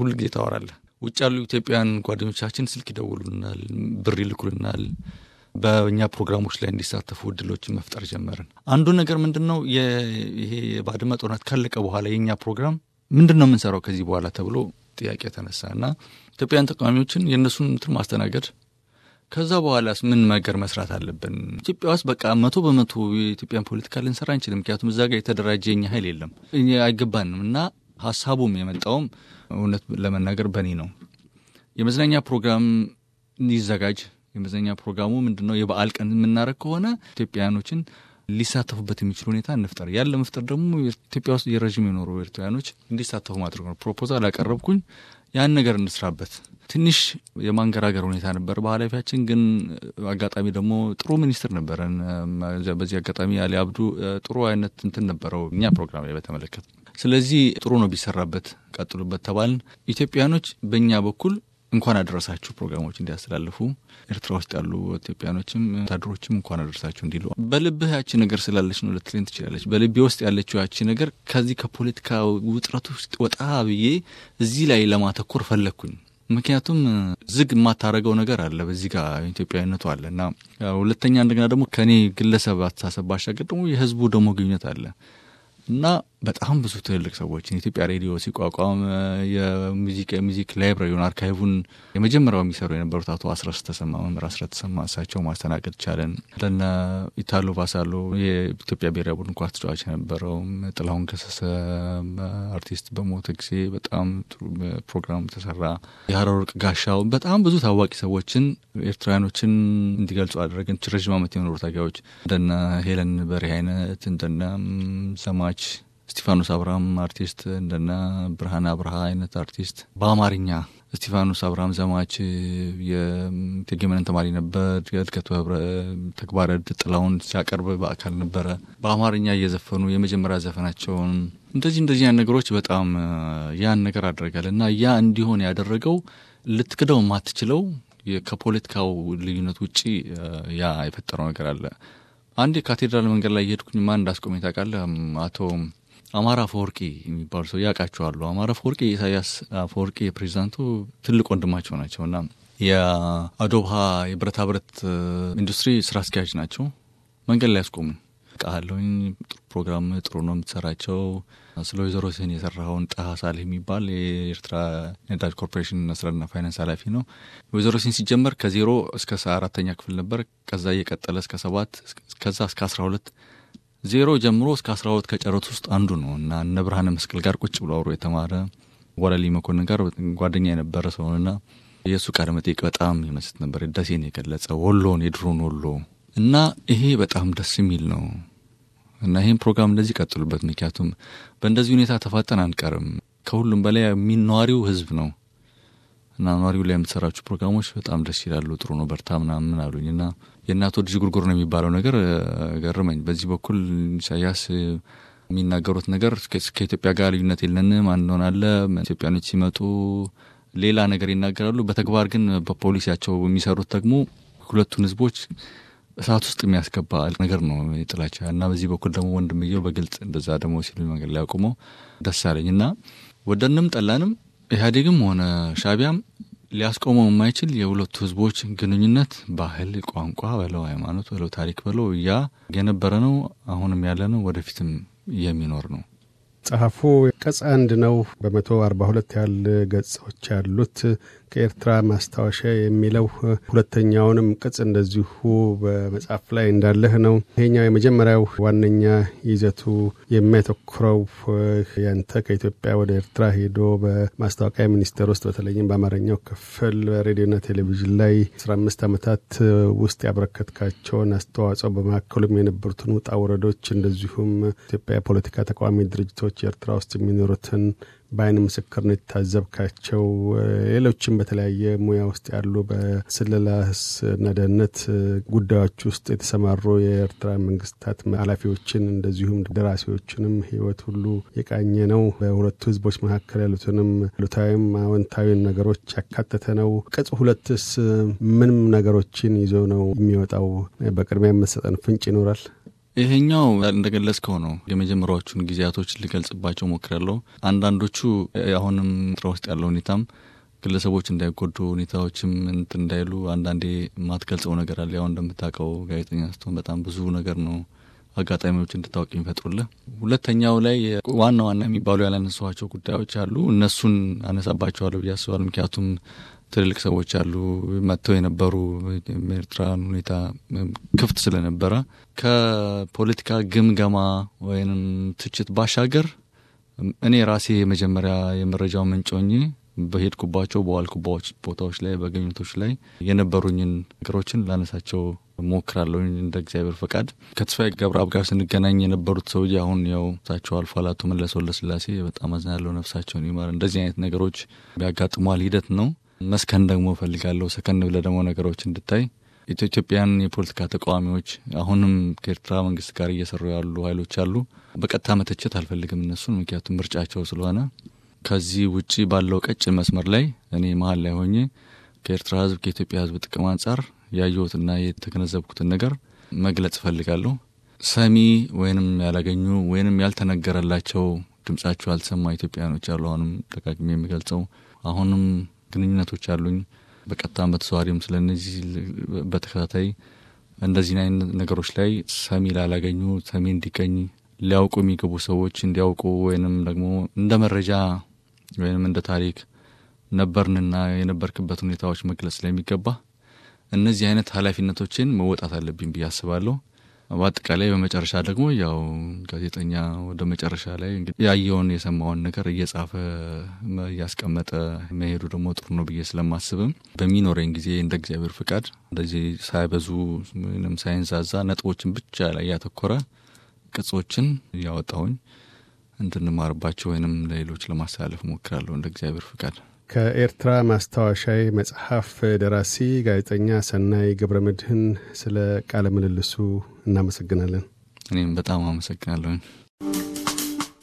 ሁል ጊዜ ታወራለህ። ውጭ ያሉ ኢትዮጵያን ጓደኞቻችን ስልክ ይደውሉልናል፣ ብር ይልኩልናል። በእኛ ፕሮግራሞች ላይ እንዲሳተፉ እድሎችን መፍጠር ጀመርን። አንዱ ነገር ምንድን ነው ይሄ የባድመ ጦርነት ካለቀ በኋላ የእኛ ፕሮግራም ምንድን ነው የምንሰራው ከዚህ በኋላ ተብሎ ጥያቄ ተነሳ እና ኢትዮጵያውያን ተቃዋሚዎችን የእነሱን እንትን ማስተናገድ ከዛ በኋላስ ምን ነገር መስራት አለብን? ኢትዮጵያ ውስጥ በቃ መቶ በመቶ የኢትዮጵያን ፖለቲካ ልንሰራ አንችልም። ምክንያቱም እዛ ጋር የተደራጀ የኛ ኃይል የለም፣ አይገባንም። እና ሀሳቡም የመጣውም እውነት ለመናገር በእኔ ነው የመዝናኛ ፕሮግራም ይዘጋጅ? የመዝናኛ ፕሮግራሙ ምንድነው? የበዓል ቀን የምናደረግ ከሆነ ኢትዮጵያውያኖችን ሊሳተፉበት የሚችል ሁኔታ እንፍጠር። ያን ለመፍጠር ደግሞ ኢትዮጵያ ውስጥ የረዥም የኖሩ ኤርትራውያኖች እንዲሳተፉ ማድረግ ነው። ፕሮፖዛል ያቀረብኩኝ ያን ነገር እንስራበት። ትንሽ የማንገራገር ሁኔታ ነበር በኃላፊያችን። ግን አጋጣሚ ደግሞ ጥሩ ሚኒስትር ነበረን። በዚህ አጋጣሚ አሊ አብዱ ጥሩ አይነት እንትን ነበረው እኛ ፕሮግራም ላይ በተመለከተ። ስለዚህ ጥሩ ነው ቢሰራበት፣ ቀጥሉበት ተባልን። ኢትዮጵያኖች በእኛ በኩል እንኳን አደረሳችሁ ፕሮግራሞች እንዲያስተላልፉ ኤርትራ ውስጥ ያሉ ኢትዮጵያኖችም ወታደሮችም እንኳን አደረሳችሁ እንዲሉ በልብህ ያቺ ነገር ስላለች ነው ልትለኝ ትችላለች። በልቤ ውስጥ ያለችው ያቺ ነገር ከዚህ ከፖለቲካ ውጥረት ውስጥ ወጣ ብዬ እዚህ ላይ ለማተኮር ፈለግኩኝ። ምክንያቱም ዝግ የማታረገው ነገር አለ በዚህ ጋር ኢትዮጵያዊነቱ አለ እና ሁለተኛ እንደገና ደግሞ ከእኔ ግለሰብ አስተሳሰብ ባሻገር ደግሞ የህዝቡ ደግሞ ግንኙነት አለ እና በጣም ብዙ ትልልቅ ሰዎችን የኢትዮጵያ ሬዲዮ ሲቋቋም የሙዚቅ የሙዚክ ላይብራሪውን አርካይቡን የመጀመሪያው የሚሰሩ የነበሩት አቶ አስረስ ተሰማ መምህር አስረስ ተሰማ እሳቸው ማስተናገድ ቻለን። ለነ ኢታሎ ባሳሎ የኢትዮጵያ ብሔራዊ ቡድን ኳስ ተጫዋች የነበረውም ጥላሁን ከሰሰ አርቲስት በሞተ ጊዜ በጣም ጥሩ ፕሮግራም ተሰራ። የሀረወርቅ ጋሻው በጣም ብዙ ታዋቂ ሰዎችን ኤርትራውያኖችን እንዲገልጹ አደረግን። ረዥም ዓመት የኖሩ ታጋዮች እንደነ ሄለን በሬ አይነት እንደነ ሰማች ስቲፋኖስ አብርሃም አርቲስት እንደነ ብርሃን አብርሃ አይነት አርቲስት በአማርኛ ስቲፋኖስ አብርሃም ዘማች የቴጌመነን ተማሪ ነበር። የእድገቱ ህብረ ተግባረ እድ ጥላውን ሲያቀርብ በአካል ነበረ። በአማርኛ እየዘፈኑ የመጀመሪያ ዘፈናቸውን እንደዚህ እንደዚህ ያን ነገሮች በጣም ያን ነገር አድርጋል እና ያ እንዲሆን ያደረገው ልትክደው የማትችለው ከፖለቲካው ልዩነት ውጪ ያ የፈጠረው ነገር አለ። አንድ ካቴድራል መንገድ ላይ እየሄድኩኝ ማን እንዳስቆመኝ ታውቃለህ? አቶ አማራ አፈወርቂ የሚባሉ ሰው ያውቃቸዋሉ። አማራ አፈወርቂ ኢሳያስ ፈወርቂ የፕሬዚዳንቱ ትልቅ ወንድማቸው ናቸው እና የአዶብሃ የብረታ ብረት ኢንዱስትሪ ስራ አስኪያጅ ናቸው። መንገድ ላይ ያስቆሙ ቃለኝ ጥሩ ፕሮግራም ጥሩ ነው የምትሰራቸው። ስለ ወይዘሮ ስህን የሰራውን ጣሃ ሳልህ የሚባል የኤርትራ ነዳጅ ኮርፖሬሽን መስረና ፋይናንስ ኃላፊ ነው። ወይዘሮ ስህን ሲጀመር ከዜሮ እስከ አራተኛ ክፍል ነበር። ከዛ እየቀጠለ እስከ ሰባት ከዛ እስከ አስራ ሁለት ዜሮ ጀምሮ እስከ አስራ ሁለት ከጨረት ውስጥ አንዱ ነው እና እነ ብርሃነ መስቀል ጋር ቁጭ ብሎ አብሮ የተማረ ወለሊ መኮንን ጋር ጓደኛ የነበረ ሰውንና የእሱ ቃለ መጠይቅ በጣም ይመስጥ ነበር። ደሴን የገለጸ ወሎን፣ የድሮን ወሎ እና ይሄ በጣም ደስ የሚል ነው እና ይህም ፕሮግራም እንደዚህ ቀጥሉበት። ምክንያቱም በእንደዚህ ሁኔታ ተፋጠን አንቀርም። ከሁሉም በላይ የሚኗሪው ህዝብ ነው እና ነዋሪው ላይ የምትሰራችሁ ፕሮግራሞች በጣም ደስ ይላሉ። ጥሩ ነው፣ በርታ ምናምን አሉኝ እና የእናቶ ልጅ ጉርጉር ነው የሚባለው ነገር ገርመኝ። በዚህ በኩል ኢሳያስ የሚናገሩት ነገር ከኢትዮጵያ ጋር ልዩነት የለንም፣ አንሆን አለ ኢትዮጵያኖች ሲመጡ ሌላ ነገር ይናገራሉ። በተግባር ግን በፖሊሲያቸው የሚሰሩት ደግሞ ሁለቱን ህዝቦች እሳት ውስጥ የሚያስገባ ነገር ነው ጥላቻ እና በዚህ በኩል ደግሞ ወንድምየው በግልጽ እንደዛ ደግሞ ሲሉ መንገድ ላይ ደስ አለኝ እና ወደንም ጠላንም ኢህአዴግም ሆነ ሻቢያም ሊያስቆመው የማይችል የሁለቱ ህዝቦች ግንኙነት ባህል፣ ቋንቋ በለው ሃይማኖት በለው ታሪክ በለው ያ የነበረ ነው። አሁንም ያለ ነው። ወደፊትም የሚኖር ነው።
ጸሐፉ ቀጽ አንድ ነው። በመቶ አርባ ሁለት ያህል ገጾች ያሉት ከኤርትራ ማስታወሻ የሚለው ሁለተኛውንም ቅጽ እንደዚሁ በመጽሐፍ ላይ እንዳለህ ነው። ይሄኛው የመጀመሪያው ዋነኛ ይዘቱ የሚያተኩረው ያንተ ከኢትዮጵያ ወደ ኤርትራ ሄዶ በማስታወቂያ ሚኒስቴር ውስጥ በተለይም በአማርኛው ክፍል በሬዲዮና ቴሌቪዥን ላይ አስራ አምስት ዓመታት ውስጥ ያበረከትካቸውን አስተዋጽኦ በመካከሉም የነበሩትን ውጣ ውረዶች እንደዚሁም ኢትዮጵያ የፖለቲካ ተቃዋሚ ድርጅቶች ኤርትራ ውስጥ የሚኖሩትን በአይን ምስክርነት የታዘብካቸው ሌሎችም በተለያየ ሙያ ውስጥ ያሉ በስለላስ ደህንነት ጉዳዮች ውስጥ የተሰማሩ የኤርትራ መንግስታት ኃላፊዎችን እንደዚሁም ደራሲዎችንም ህይወት ሁሉ የቃኘ ነው። በሁለቱ ህዝቦች መካከል ያሉትንም ሉታዊም አዎንታዊን ነገሮች ያካተተ ነው። ቅጽ ሁለትስ ምንም ነገሮችን ይዞ ነው የሚወጣው? በቅድሚያ መሰጠን ፍንጭ ይኖራል?
ይሄኛው እንደገለጽከው ነው። የመጀመሪያዎቹን ጊዜያቶች ልገልጽባቸው ሞክራለሁ። አንዳንዶቹ አሁንም ጥረ ውስጥ ያለው ሁኔታም ግለሰቦች እንዳይጎዱ ሁኔታዎችም እንት እንዳይሉ አንዳንዴ ማትገልጸው ነገር አለ። ያው እንደምታውቀው ጋዜጠኛ ስትሆን በጣም ብዙ ነገር ነው አጋጣሚዎች እንድታወቅ የሚፈጥሩልህ። ሁለተኛው ላይ ዋና ዋና የሚባሉ ያላነሳቸው ጉዳዮች አሉ። እነሱን አነሳባቸዋለሁ ብዬ አስባለሁ። ምክንያቱም ትልልቅ ሰዎች አሉ መጥተው የነበሩ ኤርትራን ሁኔታ ክፍት ስለነበረ ከፖለቲካ ግምገማ ወይንም ትችት ባሻገር እኔ ራሴ የመጀመሪያ የመረጃው ምንጮኝ በሄድኩባቸው በዋልኩባዎች ቦታዎች ላይ በገኝቶች ላይ የነበሩኝን ነገሮችን ላነሳቸው ሞክራለሁ እንደ እግዚአብሔር ፈቃድ። ከተስፋዬ ገብረአብ ጋር ስንገናኝ የነበሩት ሰው አሁን ያው እሳቸው አልፎ አላቱ መለስ ለስላሴ በጣም አዝናለሁ፣ ነፍሳቸውን ይማር። እንደዚህ አይነት ነገሮች ያጋጥሟል ሂደት ነው። መስከን ደግሞ እፈልጋለሁ ሰከን ብለ ደግሞ ነገሮች እንድታይ ኢትዮጵያን የፖለቲካ ተቃዋሚዎች አሁንም ከኤርትራ መንግስት ጋር እየሰሩ ያሉ ኃይሎች አሉ። በቀጥታ መተቸት አልፈልግም እነሱን፣ ምክንያቱም ምርጫቸው ስለሆነ ከዚህ ውጪ ባለው ቀጭን መስመር ላይ እኔ መሀል ላይ ሆኜ ከኤርትራ ህዝብ ከኢትዮጵያ ህዝብ ጥቅም አንጻር ያየሁትና የተገነዘብኩትን ነገር መግለጽ እፈልጋለሁ። ሰሚ ወይንም ያላገኙ ወይንም ያልተነገረላቸው ድምጻቸው አልሰማ ኢትዮጵያኖች አሉ። አሁንም ደጋግሜ የሚገልጸው አሁንም ግንኙነቶች አሉኝ። በቀጥታም በተዘዋዋሪም ስለነዚህ በተከታታይ እንደዚህ አይነት ነገሮች ላይ ሰሚ ላላገኙ ሰሚ እንዲገኝ ሊያውቁ የሚገቡ ሰዎች እንዲያውቁ ወይንም ደግሞ እንደ መረጃ ወይንም እንደ ታሪክ ነበርንና የነበርክበት ሁኔታዎች መግለጽ ስለሚገባ እነዚህ አይነት ኃላፊነቶችን መወጣት አለብኝ ብዬ አስባለሁ። በአጠቃላይ በመጨረሻ ደግሞ ያው ጋዜጠኛ ወደ መጨረሻ ላይ ያየውን የሰማውን ነገር እየጻፈ እያስቀመጠ መሄዱ ደግሞ ጥሩ ነው ብዬ ስለማስብም በሚኖረኝ ጊዜ እንደ እግዚአብሔር ፍቃድ እንደዚህ ሳይበዙ ወይም ሳይንዛዛ ነጥቦችን ብቻ ላይ ያተኮረ ቅጾችን እያወጣውኝ እንድንማርባቸው ወይንም ለሌሎች ለማስተላለፍ ሞክራለሁ እንደ እግዚአብሔር ፍቃድ።
ከኤርትራ ማስታወሻዊ መጽሐፍ ደራሲ ጋዜጠኛ ሰናይ ገብረ መድህን ስለ ቃለ ምልልሱ እናመሰግናለን። እኔም በጣም አመሰግናለሁኝ።